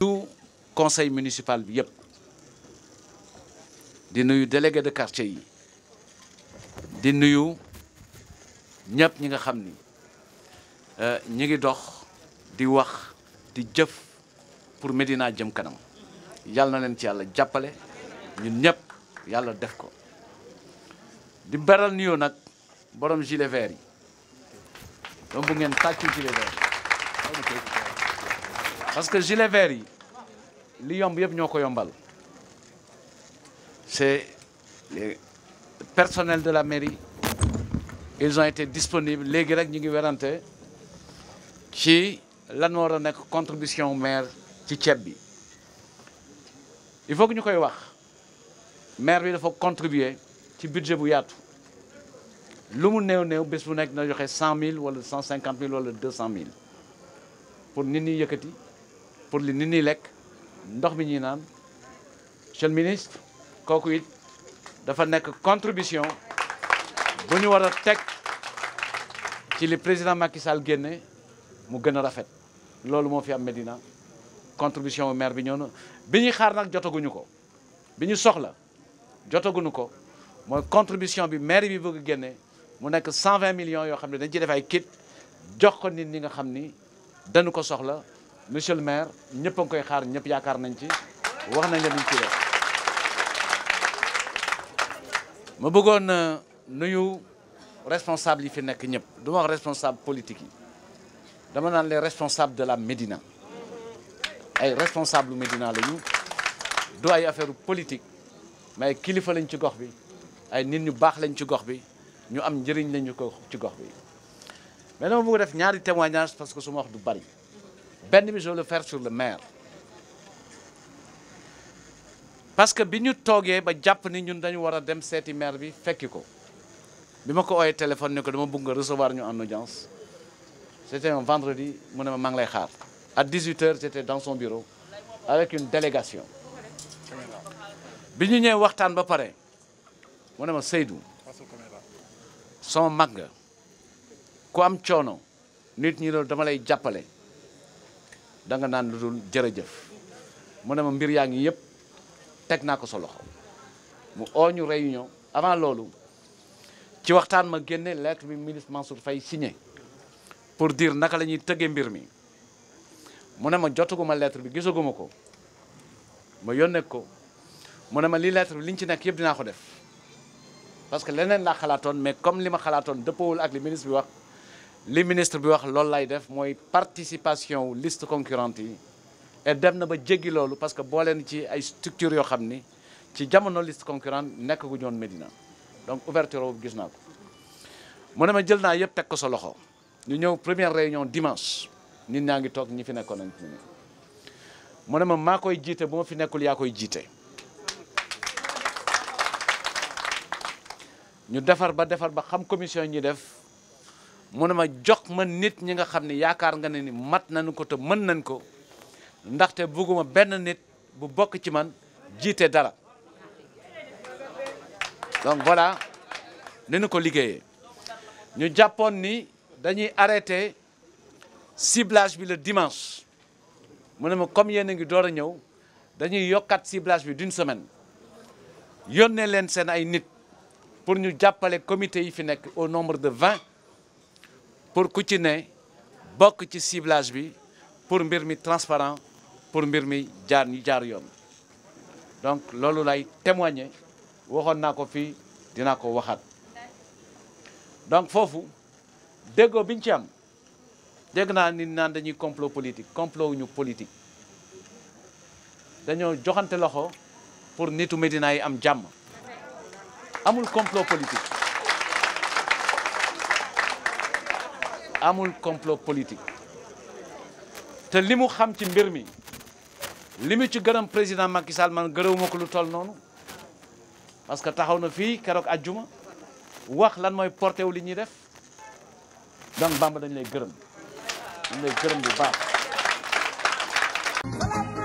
du conseil municipal bi yëpp di nuyu délégué de quartier yi di nuyu ñëpp ñi nga xam ni euh, ñi ngi dox di wax di jëf pour Médina jëm kanam yàlla na leen ci yàlla jàppale ñun ñëpp yàlla def ko di beral nuyoo nag borom gilet vert yi donc bu ngeen tàccu gilet parce que gilet vert yi li yomb yëpp ñoo ko yombal c'est les personnels de la mairie ils ont été disponibles léegi rek ñu ngi werante ci lan war a nekk contribution maire ci ceeb bi il faut que ñu koy wax maire bi dafa contribuer ci budget bu yaatu lu mu néew néew bés bu nekk na joxe cent mille wala cent cinquante mille wala deux pour nit ñi yëkkati pour li nit ñi lekk ndox mi ñuy naan monsieur le ministre kooku it dafa nekk contribution bu ñu war a teg ci li président Macky Sall génne mu gën a rafet loolu moo fi am Médina contribution maire bi ñoo na bi ñuy xaar nag jotaguñu ko bi ñu soxla jotaguñu ko mooy contribution bi maire bi bëgg génne mu nekk 120 millions yoo xam ne dañ ci def ay kit jox ko nit ñi nga xam ni dañu ko soxla monsieur le maire ñëpp a ngi koy xaar ñëpp yaakaar nañ ci wax nañ leen ci def ma bëggoon euh, nuyu responsable yi fi nekk ñëpp du wax responsable politique yi dama naan les responsable de la Médina ay responsable Médina lañu du ay affaire politique mais kilifa lañ ci gox bi ay nit ñu baax lañ ci gox bi ñu am njëriñ lañu ko ci gox bi mais dama bëgg def ñaari témoignage parce que su ma wax du bari benn bi je le faire sur le maire parce que bi ñu toogee ba jàpp ni ñun dañu war a dem seeti maire bi fekki ko bi ma ko ooyee téléphone ni ko dama bëgg nga recevoir ñu en audience c'était un vendredi mu ne ma maa ngi lay xaar à 18h j'étais dans son bureau avec une délégation bi ñu ñëwee waxtaan ba pare mu ne ma Seydou sama mag nga ku am coono nit ñi loolu dama lay jàppale danga nga naan lu dul jërëjëf mu ne ma mbir yaa ngi yëpp teg naa ko solo loxo mu ooñu réunion avant loolu ci waxtaan ma génne lettre bi ministre Mansour fay signé pour diir naka la ñuy tëggee mbir mi mu ne ma jotaguma lettre bi gisaguma ko ma yónnee ko mu ne ma li lettre bi liñ ci nekk yëpp dinaa ko def parce que leneen laa xalaatoon mais comme li ma xalaatoon dëppoowul ak li ministre bi wax li ministre bi wax loolu laay def mooy participation wu list concurrente yi et dem na ba jéggi loolu parce que boo leen ci ay structure yoo xam ni ci jamono liste concurrente nekk gu ñoon Médina donc ouverture boobu gis naa ko mu ne ma jël naa yëpp teg ko sa loxo ñu ñëw première réunion dimanche nit ñaa ngi toog ñi fi nekkoon nañ fi mu ne ma maa koy jiite bu fi nekkul yaa koy jiite ñu defar ba defar ba xam commission ñi def mu ne ma jox ma nit ñi nga xam ni yaakaar nga ne ni mat nañu ko te mën nañ ko ndaxte bugguma benn nit bu bokk ci man jiite dara donc voilà ni ñu ko liggéeyee ñu jàppoon ni dañuy arrêté ciblage bi le dimanche mu ne ma comme yéen a ngi door a ñëw dañuy yokkat siblage bi d'une semaine yónnee leen seen ay nit pour ñu jàppale comité yi fi nekk au nombre de vingt pour ku ci ne bokk ci ciblage bi pour mbir mi transparent pour mbir mi jaar ñu jaar yoon donc loolu lay témoigner waxoon naa ko fii dinaa ko waxaat donc foofu déggoo biñ ci am dégg naa ni naan dañuy complot politique complot ñu politique dañoo joxante loxo pour nitu Médina yi am jàmm amul complot politique amul complot politique te li mu xam ci mbir mi li mu ci gërëm président Macky Sall man ko lu toll noonu parce que taxaw na fii keroog ajjuma wax lan mooy porté wu li ñuy def donc Bamba dañ lay gërëm dañ lay gërëm bu baax